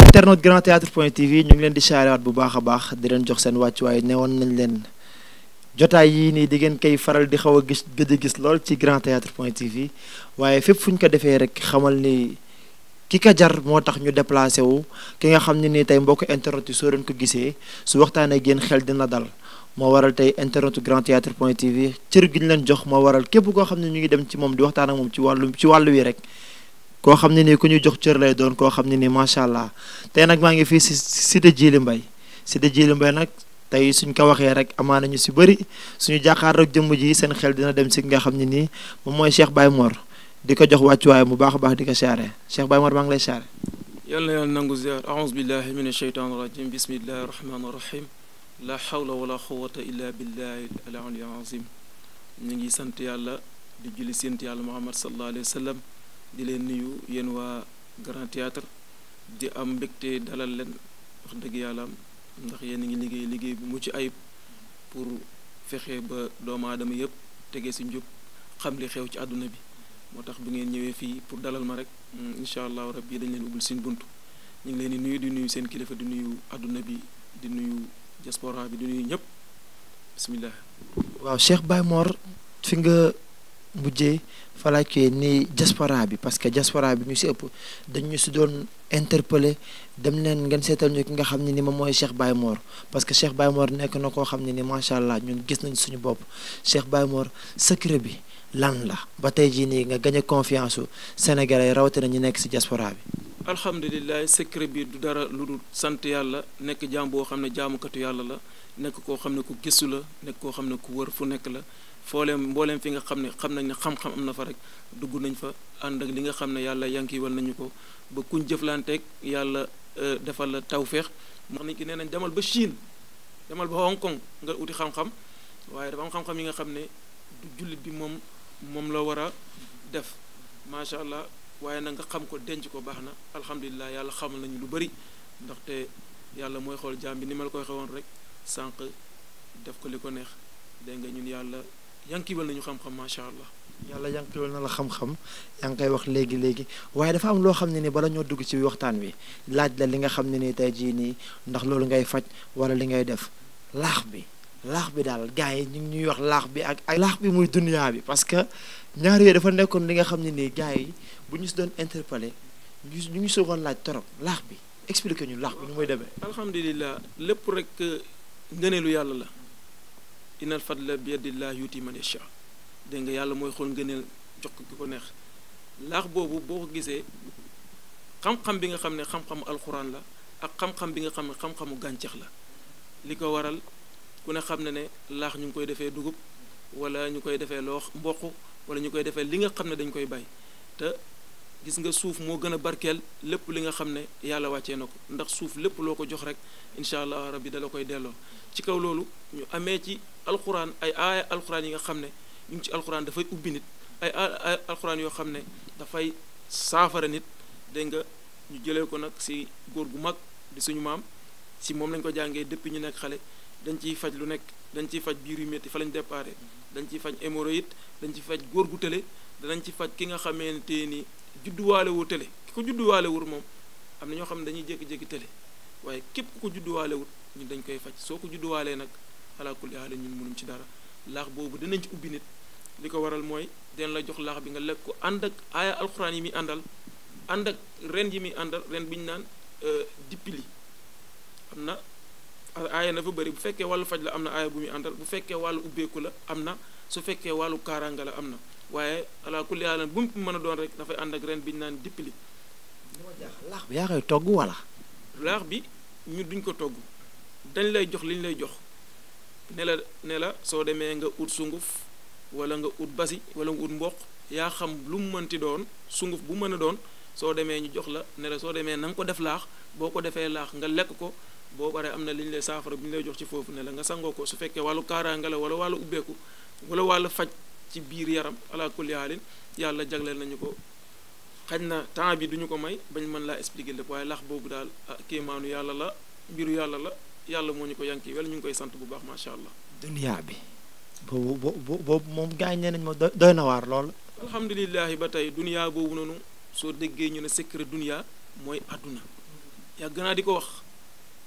internet grand théâtre point tv ñu ngi leen di saarewaat bu baax a baax di leen jox seen wàccuwaay newoon nañ leen jotaay yii nii di ngeen koy faral di xaw a gis gëj gis lool ci grand théâtre point tv waaye fépp fu ñu ko defee rek xamal ni ki ka jar moo tax ñu déplacé wu ki nga xam ne nii tey mbokk internet yi soo doon ko gisee su waxtaanee ak yéen xel dina dal mo waral tay internetu grand théâtre point tv cër jox mo waral képp ko xamni ñu ngi dem ci mom di waxtaan ak mom ci walu ci walu wi rek ko xamni ni ku ñu jox cër lay doon ko xamni ni machallah tay nak ma ngi fi Cité Djily mbay Cité Djily mbay nak tay suñ ko rek amana ñu ci bëri suñu rek jëm ji seen xel dina dem ci nga xamni ni nii moy Cheikh Baye Mor diko jox waccu way mu baax baax diko xaaré Cheikh Baye Mor ma ngi lay xaaré yalla yalla nangu ziar a'udhu billahi minash shaitanir rajim bismillahir rahmanir rahim la xawla wala quwwata illa billahi al ali azim ñu ngi sant yàlla di julli sant yàlla muhammad sallallahu alayhi wa sallam di leen nuyu yéen waa grand théâtre di am mbégte dalal leen wax dëgg yàlla am ndax yéen a ngi liggéey liggéey bu mucc ayib pour fexe ba doomu aadama yëpp tege si njub xam li xew ci àdduna bi moo tax bu ngeen ñëwee fii pour dalal ma rek incha allahu rabbi dañ leen ubbul seen bunt ñu ngi leen di nuyu di nuyu seen kilifa di nuyu àdduna bi di nuyu diaspora bi du nuyu ñëpp bismillah waaw Cheikh Baye Mor fi nga mujjee fa laaj ko ni diaspora bi parce que diaspora bi ñu si ëpp dañ ñu si doon interpellé dem leen ngeen seetal ñu ki nga xam ne ni moom mooy Cheikh Baye Mor parce que Cheikh Baye nekk na koo xam ne ni macha allah ñun gis nañ suñu bopp Cheikh Baye Mor bi. lan la ba tey jii nii nga gañ a confiance su sénégalais rawatina ñu nekk si diaspora bi. alhamdulilah secret bi du dara lu dul sant yàlla nekk jaam boo xam ne jaamukatu yàlla la nekk koo xam ne ku gisu la nekk koo xam ne ku war fu nekk la fooleem mbooleem fi nga xam ne xam nañ ne xam-xam am na fa rek dugg nañ fa ànd ak li nga xam ne yàlla yankiwal nañu ko ba kuñ jëflanteeg yàlla euh, defal la tawféex. wax nañ ki nee nañ demal ba Chine demal ba Hong nga xam ne du jullit bi moom. moom la war a def macha allah waaye na xam ko denc ko baax na alhamdulilah yàlla xamal nañu lu bëri ndaxte yàlla mooy xool jaam bi ni ma la koy xewoon rek sànq def ko li ko neex dégg nga ñun yàlla yankiwal nañu xam-xam macha allah. yàlla yankiwal na la xam-xam yaa koy wax léegi léegi waaye dafa am loo xam ne ni bala ñoo dugg ci waxtaan wi laaj la li nga xam ne nii tey jii nii ndax loolu ngay faj wala li ngay def laax bi. laax bi daal gars yi ñu ngi ñuy wax laax bi ak ak laax bi muy dunya bi parce que ñaar yooyu dafa nekkoon li nga xam ne nii gars yi bu ñu si doon interpellé ñu ñu soogoon laaj torop laax bi expliqué ñu laax bi ñu muy demee alhamdulilah lépp rek ngëneelu yàlla la inal fadla bi yadillah yuti man yasha dégg nga yàlla mooy xool ngëneel jox ko ko neex laax boobu boo ko gisee xam-xam bi nga xam ne xam-xamu alxuraan la ak xam-xam bi nga xam ne xam-xamu gàncax la li ko waral ku ne xam ne ne laax ñu ngi koy defee dugub wala ñu koy defee loo mboq wala ñu koy defee li nga xam ne dañ koy bay te gis nga suuf moo gën a barkeel lépp li nga xam ne yàlla wàccee na ko ndax suuf lépp loo ko jox rek incha allah rabbi dala koy delloo ci kaw loolu ñu amee ci alxuraan ay aaya alxuraan yi nga xam ne ñu ci alxuraan dafay ubbi nit ay ay alxuraan yoo xam ne dafay saafara nit dégg nga ñu jëlee ko nag si góor gu mag di suñu maam si moom lañ ko jàngee depuis ñu nekk xale dañ ciy faj lu nekk dañ ciy faj biir yu métti fa lañ déparé dañ ciy faj hémorroïde dañ ci faj góor gu tële danañ ci faj ki nga xamante ni judduwaale wu tële ki ko judduwaale wul moom am na ñoo xam ne dañuy jékki-jékki tële waaye képp ku ko judduwaale wul ñun dañ koy faj soo ko judduwaalee nag ala kulli haal ñun mënum ci dara laax boobu danañ ci ubbi nit li ko waral mooy den la jox laax bi nga lekk ko ànd ak aaya alxuraan yi muy àndal ànd ak ren yi muy àndal ren bi ñu naan euh, dippili am aaya dafa bëri bu fekkee wàllu faj la am na aaya bu muy àndal bu fekkee wàllu ubbeeku la am na su fekkee wàllu kaaraanga la am na waaye ala kulli haal bu mu mën a doon rek dafay ànd bi ñu naan dippili bi yaa togg wala laax bi ñu duñ ko togg dañ lay jox li lay jox ne la ne la soo demee nga ut sunguf wala nga ut basi wala nga mboq yaa xam lu mu mënti doon sunguf bu mën a doon soo demee ñu jox la ne la soo demee na nga ko def laax boo ko defee laax nga lekk ko boo paree am na li ñu lay saafara bu ñu lay jox ci foofu ne la nga sangoo ko su fekkee wàllu kaaraange la wala wàllu ubbeeku wala wàllu faj ci biir yaram ala kulli yàlla jagleel nañu ko xaj na temps bi duñu ko may bañ mën laa expliquer lépp waaye lax boobu daal ah kéemaanu yàlla la mbiru yàlla la yàlla moo ñu ko yanki wel ñu ngi koy sant bu baax macha allah. duniyaa bi. boobu boobu moom gaañ nee nañ ma doy na waar lool. alhamdulilah ba tey duniyaa boobu noonu soo déggee ñu ne secret duniyaa mooy àdduna yàgg naa di ko wax.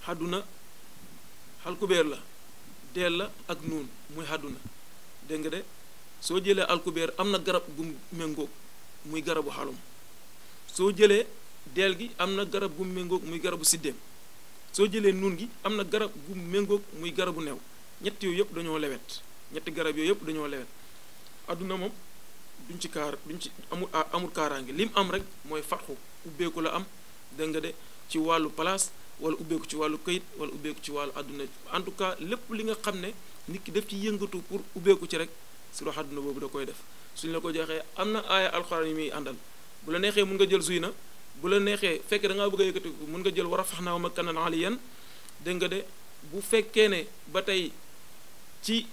xadduna alkubeer la deel la ak nuun muy xadduna dégg nga de soo jëlee alkubeer am na garab gu méngóog muy garabu xalum soo jëlee deel gi am na garab gu méngóog muy garabu siddéem soo jëlee nuun gi am na garab gu méngóog muy garabu new ñett yooyu yëpp dañoo lewet ñetti garab yooyu yëpp dañoo lewet adduna moom duñ ci kaar duñ ci amul amul kaaraange lim am rek mooy fatxu ubbeeku la am dégg nga de ci wàllu place wala ubbeeku ci wàllu këyit wala ubbeeku ci wàllu àdduna en tout cas lépp li nga xam ne nit ki def ci yëngatu pour ubbeeku ci rek su wax boobu da koy def suñ la ko joxee am na aaya alxuraan yi muy àndal bu la neexee mun nga jël zuy na bu la neexee fekkee da bëgg a yëkkati nga jël war a fax naa makkanan aliyan dégg nga de bu fekkee ne ba tey ci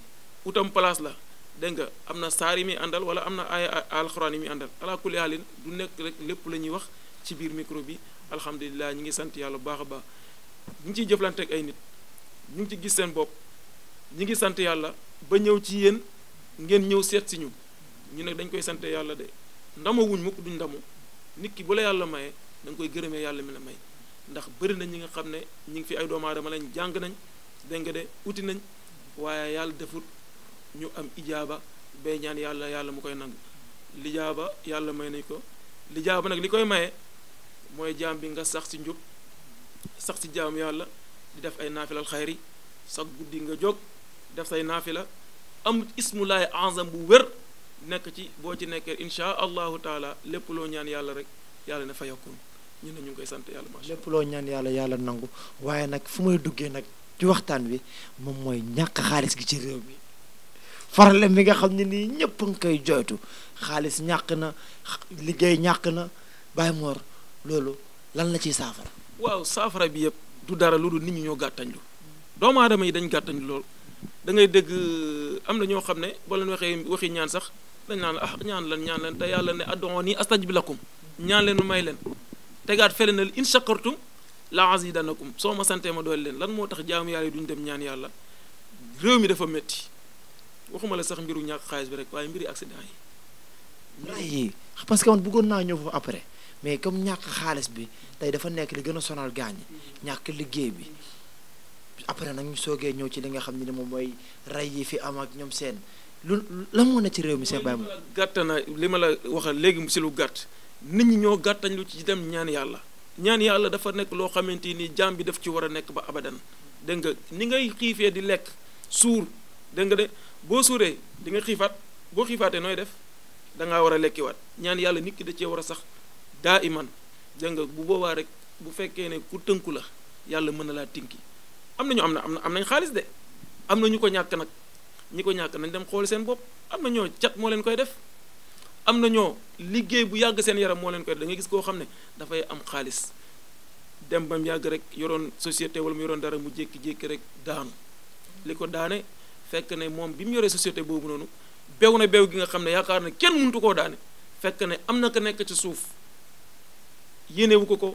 utam place la dégg nga am na saar yi muy àndal wala am na aaya alxuraan yi muy àndal ala kulli haalin du nekk rek lépp la ñuy wax ci biir micro bi alhamdulilah ñi ngi sant yàlla bu baax a baax ñu ngi ciy jëflante ay nit ñu ngi ci gis seen bopp ñi ngi sant yàlla ba ñëw ci yéen ngeen ñëw seet si ñu ñu ne dañ koy sante yàlla de ndamo wuñ mukk duñ ndamo nit ki bu la yàlla mayee da koy gërëmee yàlla mi la may ndax bari nañ ñi nga xam ne ñu ngi fi ay doomu aadama lañ jàng nañ dégg nga de uti nañ waaye yàlla deful ñu am ijaaba bay ñaan yàlla yàlla mu koy nangu lijaaba yàlla may nañ ko lijaaba nag li koy maye mooy jaam bi nga sax ci njub sax ci jaam yàlla di def ay naafilal xayri sax guddi nga jóg def say naafila am ismulaay azam bu wër nekk ci boo ci nekkee insha allahu taala lépp loo ñaan yàlla rek yàlla na fa yokkuñ ñu ne ñu ngi koy sant yàlla macha lépp loo ñaan yàlla yàlla nangu waaye nag fu may duggee nag ci waxtaan wi moom mooy ñàkk xaalis gi ci réew mi farale mi nga xam ne nii ñëpp nga koy joytu xaalis ñàkk na liggéey ñàkk na Baye Mor loolu lan la ci saafara. waaw saafara bi yëpp du dara lu dul nit ñi ñoo gàttañlu doomu aadama yi dañ gàttañ lool da ngay dégg euh, am na ñoo xam ne boo leen waxee waxi ñaan sax dañ naan ah ñaan lan ñaan lan te yàlla ne bi astajib lakum ñaan leen may leen tegaat fële na in yi dana azidanakum soo ma santee ma doole leen lan moo tax jaamu yàlla yi duñ dem ñaan yàlla réew mi dafa métti waxuma la sax mbiru ñàkk xaalis bi rek waaye mbiri accident yi. que man naa ñëw foofu après. mais comme ñàkk xaalis bi tey dafa nekk li gën a sonal gaañ ñàkk liggéey bi après nag ñu soogee ñëw ci li nga xam ne moom mooy rey yi fi am ak ñoom seen lu la moo ne ci réew mi Cheikh Baye Mor gàtt na li ma la wax léegi si lu gàtt nit ñi ñoo gàttañ lu ci dem ñaan yàlla ñaan yàlla dafa nekk loo xamante ni jaam bi daf ci war a nekk ba abadan dégg nga ni ngay xiifee di lekk suur dégg nga de boo suuree di nga xiifaat boo xiifaatee nooy def da ngaa war a lekkiwaat ñaan yàlla nit da cee war a sax daa iman dégg bu boobaa rek bu fekkee ne ku tënku la yàlla mën na laa tinki am na ñu am na am nañ xaalis de am na ñu ko ñàkk nag ñi ko ñàkk nañ dem xool seen bopp am na ñoo cat moo leen koy def am na ñoo liggéey bu yàgg seen yaram moo leen koy def gis koo xam ne dafay am xaalis dem ba mu yàgg rek yoroon société wala mu yoroon dara mu jékki-jékki rek daanu li ko daane fekk ne moom bi mu yoree société boobu noonu bew na bew gi nga xam ne yaakaar ne kenn mëntu koo daane fekk ne am na ko nekk ci suuf yéenewu ko ko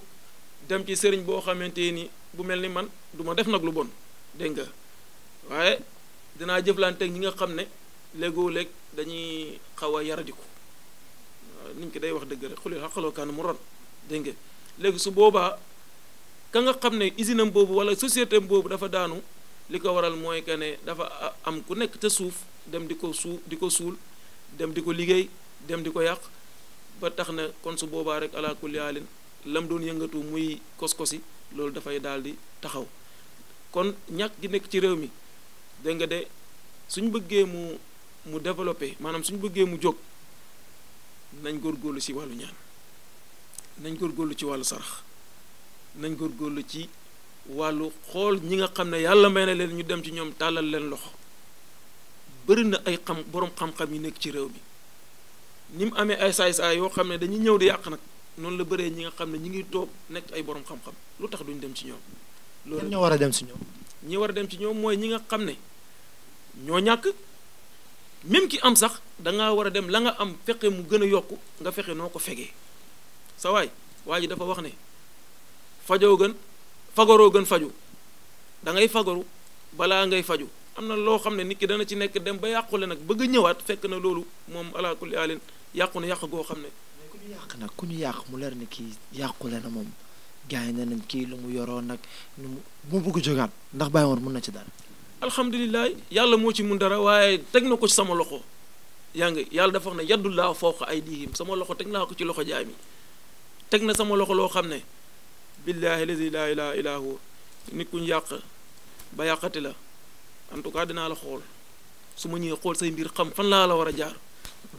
dem ci sëriñ boo xamante ni bu mel ni man du ma def nag lu bon dégg nga waaye dinaa jëflanteeg ñi nga xam ne léegoo léeg dañuy xaw a yaradiku niñ ko day wax dëgg rek xulil xaqaloo kaan mu ron dégg nga léegi su boobaa ka nga xam ne usine am boobu wala société am boobu dafa daanu li ko waral mooy que ne dafa am ku nekk te suuf dem di ko suuf di ko suul dem di ko liggéey dem di ko yàq ba tax na kon su boobaa rek ala kulli haalin lam doon yëngatu muy kos-kosi loolu dafay daal di taxaw kon ñàkk gi nekk ci réew mi dégg nga de suñ bëggee mu mu développé maanaam suñ bëggee mu jóg nañ góorgóorlu ci wàllu ñaan nañ góorgóorlu ci wàllu sarax nañ góorlu ci wàllu xool ñi nga xam ne yàlla may na leen ñu dem ci ñoom tàllal leen loxo bëri na ay xam boroom xam-xam yi nekk ci réew mi ni mu amee ay saay saay yoo xam ne dañuy ñëw di yàq nag noonu la baree ñi nga xam ne ñi ngi toog nekk ay borom xam-xam lu tax duñ dem ci ñoom. loolu ñoo war a dem ci ñoom. ñi war a dem ci ñoom mooy ñi nga xam ne ñoo ñàkk même ki am sax da war a dem la nga am fexe mu gën a yokk nga fexe noo ko fegee sawaay waa ji dafa wax ne fajoo gën fagaroo gën faju da ngay fagaru balaa ngay faju am na loo xam ne nit ki dana ci nekk dem ba yàqule nag bëgg ñëwaat fekk na loolu moom alaakulli àllin yàqu na yàq goo xam ne. ñu nag ku ñu yàq mu leer ni kii yàqule na moom gars yi ne nañ kii lu mu yoroon nag lu mu bëgg jógaat ndax Baye Omar mun na ci dara. alhamdulilah yàlla moo ci mun dara waaye teg na ko ci sama loxo yaa ngi yàlla dafa wax ne yaddulaa fawqa aydihim sama loxo teg naa ko ci loxo jaami teg na sama loxo loo xam ne billaahi lazi laa ilaaha illaa huwa nit ku ñu yàq ba yàqati la en tout cas dinaa la xool su ma ñëwee xool say mbir xam fan laa la war a jaar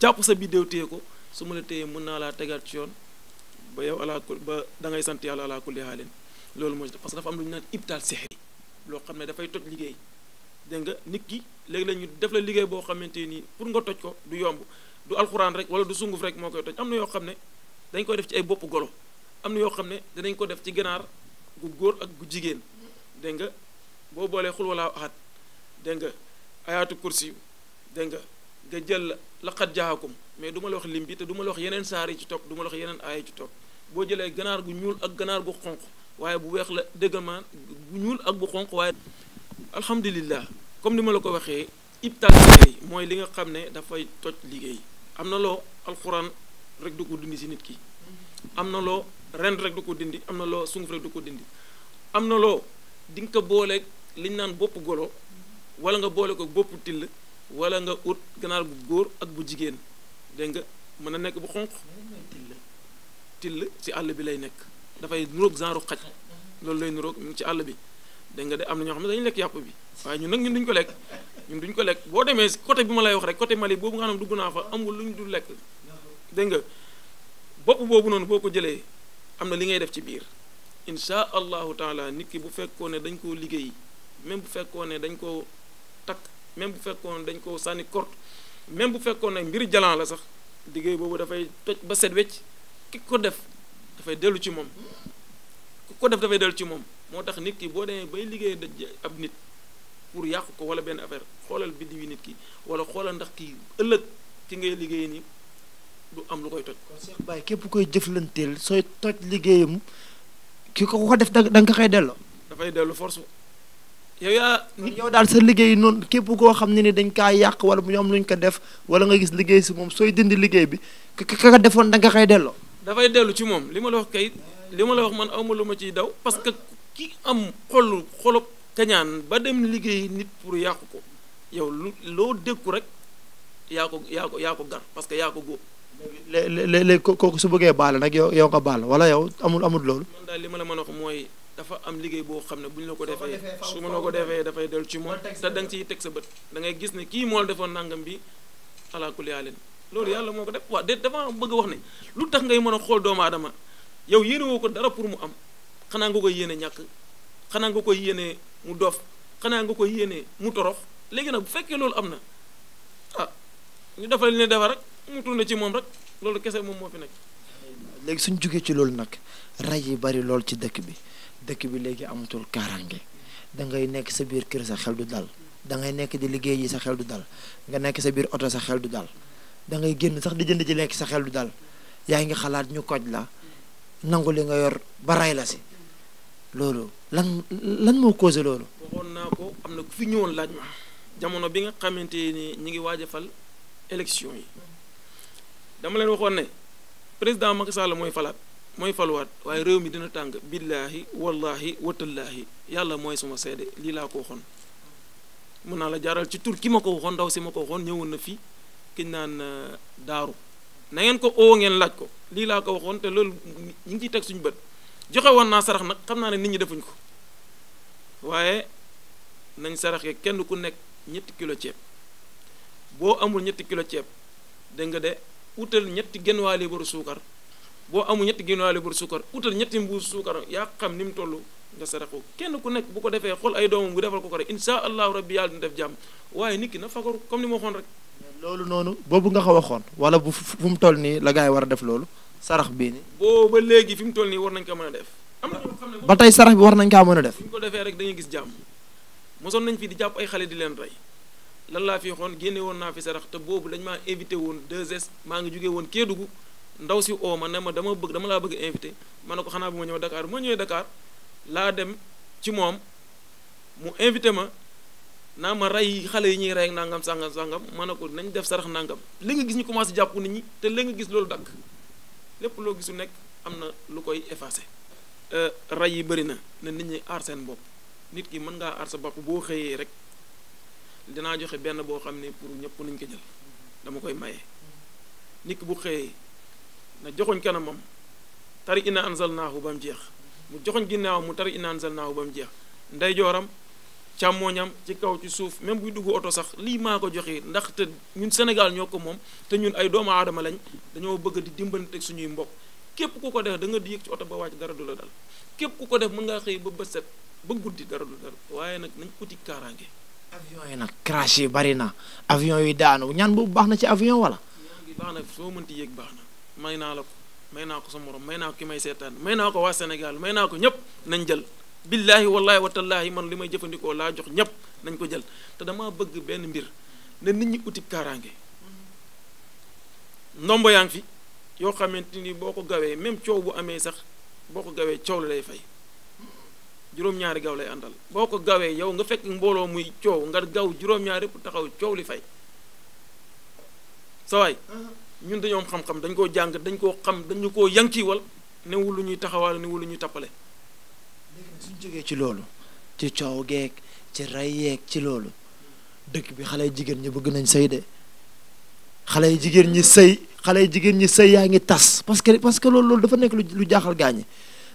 jàpp sa biddew téye ko su ma la téyee mën naa laa tegaat ci yoon ba yow ala ba da ngay sant yàlla ala kulli haalin loolu mooy parce que dafa am lu ñu naan ibtaal sexri loo xam ne dafay toj liggéey dégg nga nit ki léegi la def la liggéey boo xamante nii pour nga toj ko du yomb du alxuraan rek wala du sunguf rek moo koy toj am na yoo xam ne dañ koy def ci ay bopp golo am na yoo xam ne danañ ko def ci ganaar gu góor ak gu jigéen dégg nga boo boolee xul walaa axat dégg nga ayaatu kursi dégg nga nga jël laqat jaakum mais du la wax lim bi te du ma la wax yeneen saar yi ci topp du ma la wax yeneen aaya ci topp boo jëlee ganaar gu ñuul ak ganaar bu xonq waaye bu weex la déggamaan bu ñuul ak bu xonq waaye alhamdulillah comme ni ma la ko waxee ibtal liggéey mooy li nga xam ne dafay toj liggéey am na loo alxuraan rek du ko dindi si nit ki am na loo ren rek du ko dindi am na loo sunguf rek du ko dindi am na loo di nga ko booleek liñ naan boppu golo wala nga boole ko bopp till wala nga ut ganaar gu góor ak bu jigéen dégg nga mën a nekk bu xonq till till ci àll bi lay nekk dafay nuroog genre xaj loolu lay nuroog ci àll bi dégg nga de am na ñoo xam ne dañuy lekk yàpp bi waaye ñun nag ñun duñ ko lekk ñun duñ ko lekk boo demee côté bi ma wax rek côté Mali boobu nga ne dugg naa fa lu ñu dul lekk dégg nga bopp boobu noonu boo ko jëlee am na li ngay def ci biir insha allahu taala nit ki bu fekkoon ne dañ koo liggéey même bu fekkoon ne dañ koo takk même bu fekkoon ne dañ koo sànni korte même bu fekkoon nag mbir jalan la sax liggéey boobu dafay toj ba set wecc ki ko def dafay dellu ci moom ki ko def dafay dellu ci moom moo tax nit ki boo demee bay liggéey daj ab nit pour yàq ko wala benn affaire xoolal biddi wi nit ki wala xoolal ndax kii ëllëg ci ngay liggéey nii am lu koy toj. kon Cheikh képp koy jëflanteel sooy toj liggéeyam ki ko ko def da nga koy delloo. dafay dellu force yow yaa yow daal sa liggéey noonu képp koo xam ne ni dañ kaa yàq wala bu ñu am lu ñu ko def wala nga gis liggéey si moom sooy dindi liggéey bi ka ka defoon da nga delloo. dafay dellu ci moom li ma la wax kay li ma la wax man awma lu ma ciy daw parce que am xolu xolu kañaan ba dem liggéey nit pour yàqu yow lu dékku rek yaa ko yaa ko yaa parce que yaa ko góob. léeg-léeg kooku su bëggee baal nag yow yow nga wala yow amul amul loolu. man li ma la mën a wax mooy. dafa am liggéey boo xam ne bu ñu la ko defee su ma a ko defee dafay dellu ci moom te da nga ciy teg sa bët da ngay gis ne kii moo la defoon nangam bi alaakulli aalin loolu yàlla moo ko def waa de dafa bëgg wax ne lu tax ngay mën a xool doomu aadama yow yéene woo ko dara pour mu am xanaa nga koy yéene ñàkk xanaa nga koy yéene mu dof xanaa nga koy yéene mu torox léegi nag bu fekkee loolu am na ah ñu defal ne defar rek mu tourné ci moom rek loolu kese moom moo fi léegi suñ jógee ci loolu nag rey yi bari lool ci dëkk bi. dëkk bi léegi amatul kaaraange da ngay nekk sa biir kër sa xel du dal da ngay nekk di liggéey yi sa xel du dal nga nekk sa biir oto sa xel du dal da ngay génn sax di jënd ji lekk sa xel du dal yaa ngi xalaat ñu koj la nangu li nga yor ba la si loolu lan lan moo causé loolu. waxoon naa ko am na ku fi ñëwoon laaj ma jamono bi nga xamante ni ñu ngi waaj a fal élection yi dama leen waxoon ne président Macky Sall mooy falaat. mooy falwaat waaye réew mi dina tàng billaahi wallaahi watallaahi yàlla mooy suma seede lii laa ko waxoon mën naa la jaaral ci tur ki ma ko waxoon ndaw si ma ko waxoon ñëwoon na fii ki naan euh, daaru na ngeen ko oo ngeen laaj ko lii laa ko waxoon te loolu ñu ngi ciy teg suñu bët joxe woon naa sarax nag xam naa ne nit ñi defuñ ko waaye nañ saraxee kenn ku nekk ñetti kilo ceeb boo amul ñetti kilo ceeb dégg nga de wutal ñetti genn waa liibaru suukar boo amu ñetti génwaale pour suukar utal ñetti mbuus suukar yaa xam ni mu toll nga sarax ko kenn ku nekk bu ko defee xool ay doomam bu defal ko ko rek insha allahu rabbi yàlla dina def jàmm ki na fagaru comme ni ma waxoon rek boobu xaw a xoon wala bu fu mu toll nii la gaa yi war a def loolu sarax bii nii booba léegi fi mu toll nii war nañ ko mën def na ñoo xam ne ba tey sarax bi war nañ kaa mën def bu ko defee rek dañuy gis jàmm mosoon nañ fi di jàpp ay xale di leen rey lan laa fi xoon génne woon naa fi sarax te boobu dañ maa invité woon 2S maa ngi jógee woon kee Kédougou ndaw si oo ma ne ma dama bëgg dama laa bëgg invité man ne ko xanaa bu ma ñëw Dakar bu ma ñëwee Dakar laa dem ci moom mu invité ma naa ma rey xale yi ñuy rey ak nangam sangam sangam ma ne ko nañ def sarax nangam li nga gis ñu commencé jàpp nit ñi te li nga gis loolu dakk lépp loo gisu nekk am na lu koy effacé. ray yi bëri na ne nit ñi aar seen bopp nit ki mën ngaa aar sa bopp boo xëyee rek dinaa joxe benn boo xam ne pour ñëpp nañ ko jël dama koy maye nit ki bu xëyee. na joxoñ kanamam tari ina anzalnahu bam jeex mu joxuñ ginnaawam mu tari ina anzalnahu bam mu nday joram chamoñam ci kaw ci suuf même buy dugg auto sax li maa ko joxe ndax te ñun Sénégal ñoko ko te ñun ay doomu adama lañ dañoo bëgg di dimbanteeg suñuy mbokk képp ku ko def da nga di yëg ci auto ba wacc dara du la dal képp ku ko def mën nga xey ba bët ba guddi dara du dal waaye nag nañ uti avion yi nag crashé bari na avion yi daanu ñaan bu baax na ci avion wala. baax na soo mënti yéeg baax may naa la ko may naa ko sa morom may naa ko ki may seetaan may naa ko waa Sénégal may naa ko ñëpp nañ jël billaahi wallaahi watallaahi man li may jëfandikoo laa jox ñëpp nañ ko jël te dama bëgg benn mbir ne nit ñi uti kaaraange ndombo fi yoo xamante ni boo ko gawee même coow bu amee sax boo ko gawee coow la lay fay juróom-ñaari gaw lay àndal boo ko gawee yow nga fekk mbooloo muy coow nga gaw juróom-ñaar yëpp taxaw coow li fay sa waay uh-huh. ñun dañoom am xam-xam dañ koo jàng dañ koo xam dañu koo yankiwal newul lu ñuy taxawaale newul lu ñuy tappale léegi suñ jógee ci loolu ci coow geeg ci rey yeeg ci loolu dëkk bi xale jigéen ñi bëgg nañ sëy de xale jigéen ñi sëy xale jigéen ñi sëy yaa ngi tas parce que parce que loolu loolu dafa nekk lu jaaxal gaañi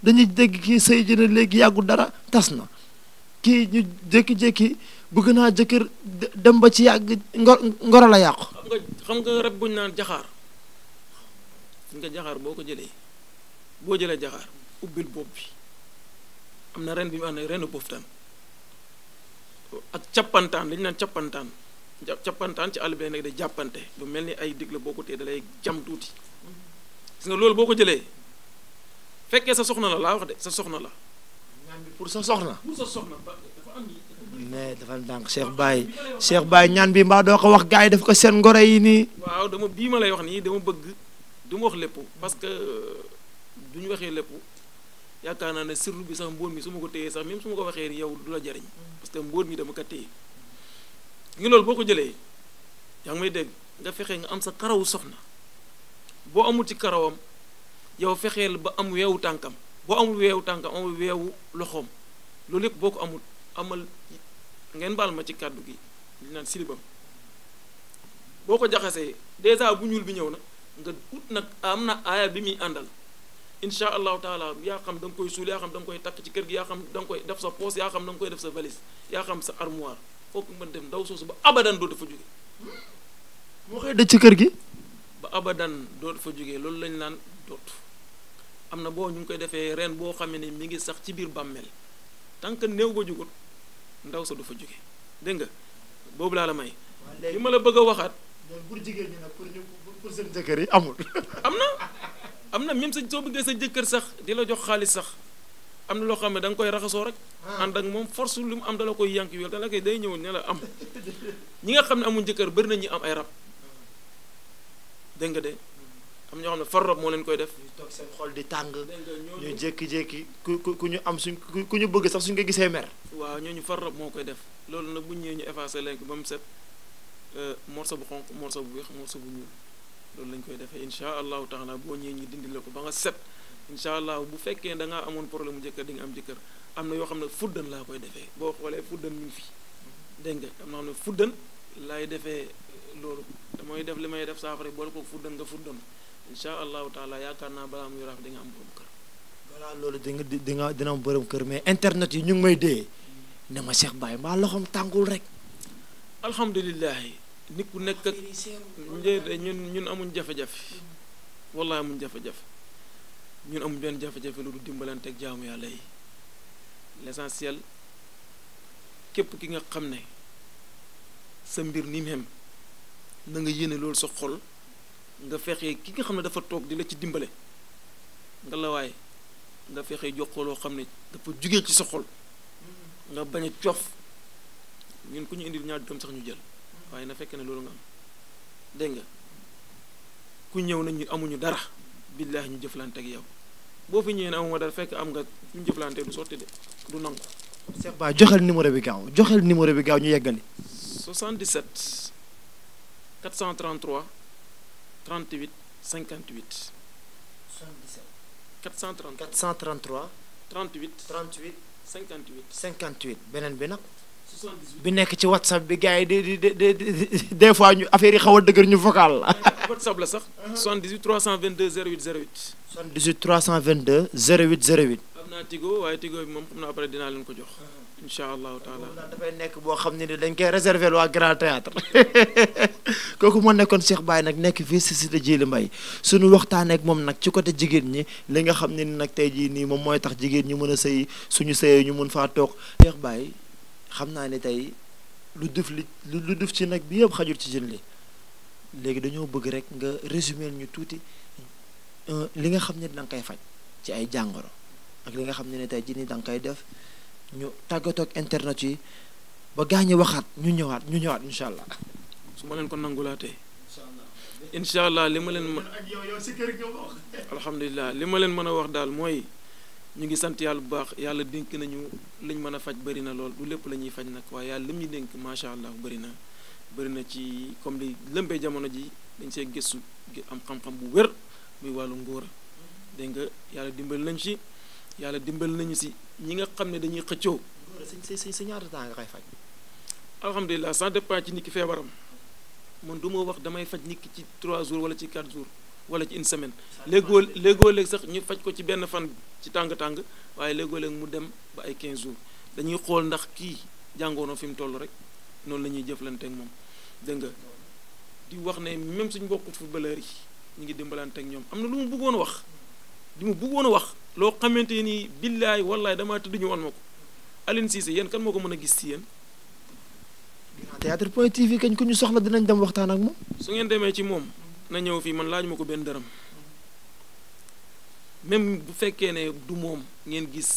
dañuy dégg kii sëy ji léegi yàggul dara tas na kii ñu jékki-jékki bëgg naa jëkkër dem ba ci yàgg ngoro la yàqu xam nga xam nga rek buñ naan jaxaar nga jaxar boko ko bo boo jaxar ubil bop bi am ren bi mu am ne renu boftaan ak chapantan li ñu chapantan chapantan ci àll nek de da bu melni ay digle boko ko dalay jam touti gis nga loolu boko jele, fak sa soxna la la wax de sa soxna la pour sa soxna pour sa soxna ne dafa dank Cheikh bay Cheikh bay ñaan bi mba do ko wax gaay daf ko sen ngoray ni waaw dama bii ma lay wax ni dama bëgg du ma wax lépp parce que du euh, ñu waxee lépp yaakaar naa ne sirru bi sax mbóot mi su ma ko téyee sax même su ko waxee yow du la jariñ parce que mbóot mi dama ko téye ngi loolu boo ko jëlee yaa ngi may dégg nga fexee nga am sa karawu soxna boo amul ci karawam yow fexeel ba am weewu tànkam boo amul weewu tànkam amul weewu loxoom loolu yëpp boo ko amul amal ngeen baal ma ci kàddu gi li naan boo ko jaxasee dèjà bu ñuul bi ñëw na nga ut nag am na aaya bi muy àndal incha allahu taala yaa xam da koy suul yaa xam da nga koy takk ci kër gi yaa xam da koy def sa poos yaa xam da koy def sa valise yaa xam sa armoire foog ma dem ndaw soosu ba abadan doo dafa jóge moo xëy dëj ci kër gi ba abadan doo dafa jógee loolu lañ naan doot am na boo ñu ngi koy defee ren boo xamee ne mi ngi sax ci biir bàmmeel tant que néew ba jugut ndaw sa du fa jóge dégg nga boobu laa la may li ma la bëgg a waxaat pour jigéen ñi nag pour ñu pour seen jëkkër yi amul. am na am na même sa soo bëggee sa jëkkër sax di la jox xaalis sax am na loo xam ne da nga koy raxasoo rek. Ah. ànd ak moom force lu mu am dala koy yànk yow dala koy day ñëw ne la am ñi nga xam ne amul jëkkër bëri na ñi am ay rab dégg nga de. am ñoo xam ne far moo leen koy def. ñu toog seen xol di tàng. ñu jékki-jékki ku ku ku ñu am suñ ku ñu bëgg sax suñ ko gisee mer. waaw ñooñu far moo koy def loolu nag bu ñëwee ñu effacé leen ba mu set euh, morceau bu xonq morceau bu weex morceau bu ñuul loolu lañ koy defee incha allahu taala boo ñëwee ñu dindi la ba nga set incha allah bu fekkee da ngaa amoon problème mu jëkkër di nga am jëkkër am na yoo xam ne fuddan laa koy defee boo xoolee fuddan mi ngi fi dégg nga am na xam ne fuddan laay defee loolu damay def li may def saafara boole ko fuddan nga fuddan incha taala yaakaar naa balaa muy raaf di nga am borom kër. balaa loolu di nga di nga dina am borom kër mais internet yi ñu ngi may dee ne ma Cheikh Baye mbaa loxoom tàngul rek. alhamdulilah nit ku nekk ak ñun ñun amuñ jafe-jafe wallahi amuñ jafe-jafe ñun amuñ benn jafe-jafe lu du dimbalante ak jaamu yàlla yi l'essentiel képp ki nga xam ne sa mbir ni mem na nga yéene loolu sa xol nga fexe ki nga xam ne dafa toog di la ci dimbale nga la waaye nga fexe jox ko loo xam ne dafa jugee ci sa xol nga bañ a ñun ku ñu indil ñaar dërëm sax ñu jël waaye na fekk na loolu nga am dégg nga ku ñëw na ñu amuñu dara billahi ñu jëflante ak yow boo fi ñëwee na amuma dara fekk am nga ñu jëflante du sotti de du nangu. Cheikh Ba joxel numéro bi gaaw joxel numéro bi gaaw ñu yeggali. 77 433 38 58. 77. 433 433. 38 38 58. 58 beneen bi nag. bi nekk ci whatsapp bi gars yi di di di fois ñu affaire yi xaw a dëgër ñu vocal la. whatsapp la sax. 78 322 08 08. 78 322 08 08. am naa tigo waaye tigo bi moom xam naa après dinaa leen ko jox. incha allahu taala dafay nekk boo xam ne ni dañ koy réserver waa grand théâtre kooku moo nekkoon Cheikh Baye nag nekk fii si Cité Djily mbay suñu waxtaan ak moom nag ci côté jigéen ñi li nga xam ne ni nag tey jii nii moom mooy tax jigéen ñi mën a sëy suñu sëyee ñu mën faa toog Cheikh Baye xam naa ne tey lu def li lu def ci nag bi yëpp xajul ci jën li léegi dañoo bëgg rek nga résumer ñu tuuti euh, li nga xam ne koy faj ci ay jàngoro ak li nga xam ne ne tey jii nii danga koy def ñu tàggatoo ak internet yi ba gaañi waxaat ñu ñëwaat ñu ñëwaat incha allah. su ma leen ko nangulaatee. incha allah li ma leen mën alhamdulilah li ma wax daal mooy. ñu ngi sant yàlla bu baax yàlla dénk nañu lañ mën a faj bëri na lool du lépp la ñuy faj nag waaye yàlla lim ñu dénk macha allah bëri na bëri na ci comme li lëmbee jamono ji dañ see gëstu am xam-xam bu wér muy wàllu ngóor dégg nga yàlla dimbal nañ ci yàlla dimbal nañu si ñi nga xam ne dañuy xëccoo. si si si ñaata temps nga koy faj. alhamdulilah ça dépend ci nit ki feebaram man du ma wax damay faj nit ci trois jours wala ci 4 jours wala ci une semaine. léegoo sax ñu faj ko ci benn fan ci tàng-tàng waaye léegoo mu dem ba ay 15 jours dañuy xool ndax kii jàngoono fi mu toll rek noonu la ñuy jëflanteeg moom dégg nga di wax ne même suñ mbokku footballeur yi ñu ngi dimbalanteeg ñoom am na lu mu bëggoon wax li mu bëggoon wax loo xamante ni billaay wallaay damaa tëdd ñu wan ma ko Aline Cissé yéen kan moo ko mën a gis ci yéen. Théâtre point TV kañ ku ñu soxla dinañ dem waxtaan ak moom. su ngeen demee ci moom na ñëw fii man laaj ma ko benn dërëm. même bu fekkee ne du moom ngeen gis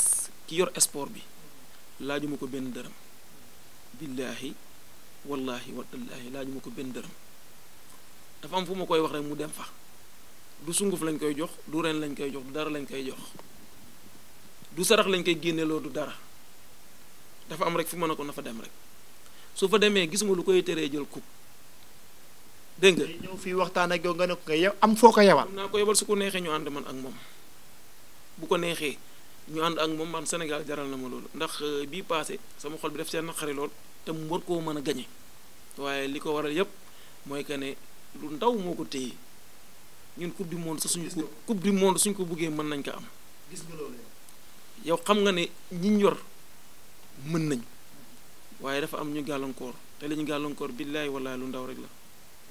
ki yor sport bi laajuma ko benn dërëm billaahi wallaahi watallaahi laajuma ko benn dërëm dafa am fu ma koy wax rek mu dem fa du sunguf lañ koy jox du ren lañ koy jox du lañ koy jox du sarax lañ koy génneloo du dara dafa am rek fu mën a ko dem rek su fa demee gisuma lu koy teree jël coupe dégg nga. ñëw fii waxtaan ak yow nga ne ko nga am foo ko yebal. naa ko yebal su ko neexee ñu ànd man ak moom. bu ko neexee ñu ànd ak moom man Sénégal jaral na ma loolu ndax euh, bii passé sama xol bi def seen naqari lool te mu war koo mën a gañe waaye li ko waral yépp mooy que ne lu ndaw moo ko téye ñun coupe du monde sa suñ ko coupe du suñ ko buggee mën nañ ko am gis nga loolu yow xam nga ne ñiñ yor mën nañ waaye dafa am ñu gàllankoor te li ñu gàllankoor billaay wallaay lu ndaw rek la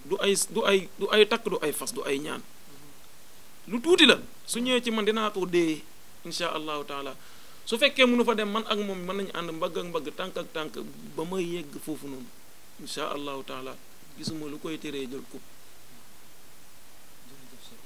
du ay du ay du ay takk du ay fas du ay ñaan lu tuti la su ñëwee ci man dina ko dé insha allahu taala su fekkee mënu fa dem man ak mom man nañu and mbag ak mbag tank ak tank ba may yegg fofu non insha allahu taala gisuma lu koy téré jël ko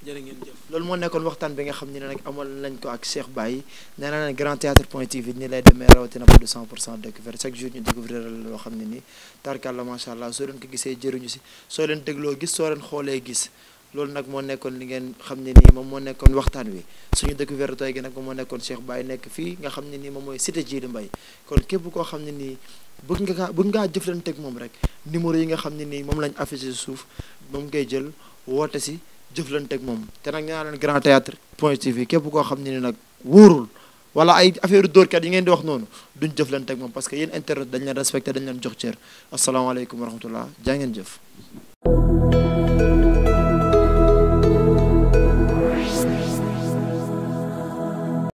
jërë mo nekkon waxtan bi nga xamni nak amal nañ ko ak Cheikh Baye nee na grand théâtre point tv ni lay demee rawati na de 100 découvert chaque jour ñu découvrir loo xam ne nii ma sha allah so leen ko gisee jëruñu ci so leen dégloo gis so leen xolé gis loolu nag moo nekkoon li ngeen xam ne nii moom moo nekkoon waxtaan wi suñu découverte tey gi nag moom moo nekkoon Cheikh Baye nekk fii nga xam ne nii moom mooy cité Djily Mbaye kon képp koo xam ne nii bëgg nga bëgg ngaa jëflanteeg moom rek numéro yi nga xam ne nii moom lañ affiché suuf moom ngay jël woote si jëflanteeg moom te nag nee naa leen Grand Théâtre point TV képp koo xam ne nii nag wóorul wala ay affaire dóorkat yi ngeen di wax noonu duñ jëflanteeg moom parce que yéen internet dañ leen respecté dañ leen jox cër asalaamaaleykum wa rahmatullah ngeen jëf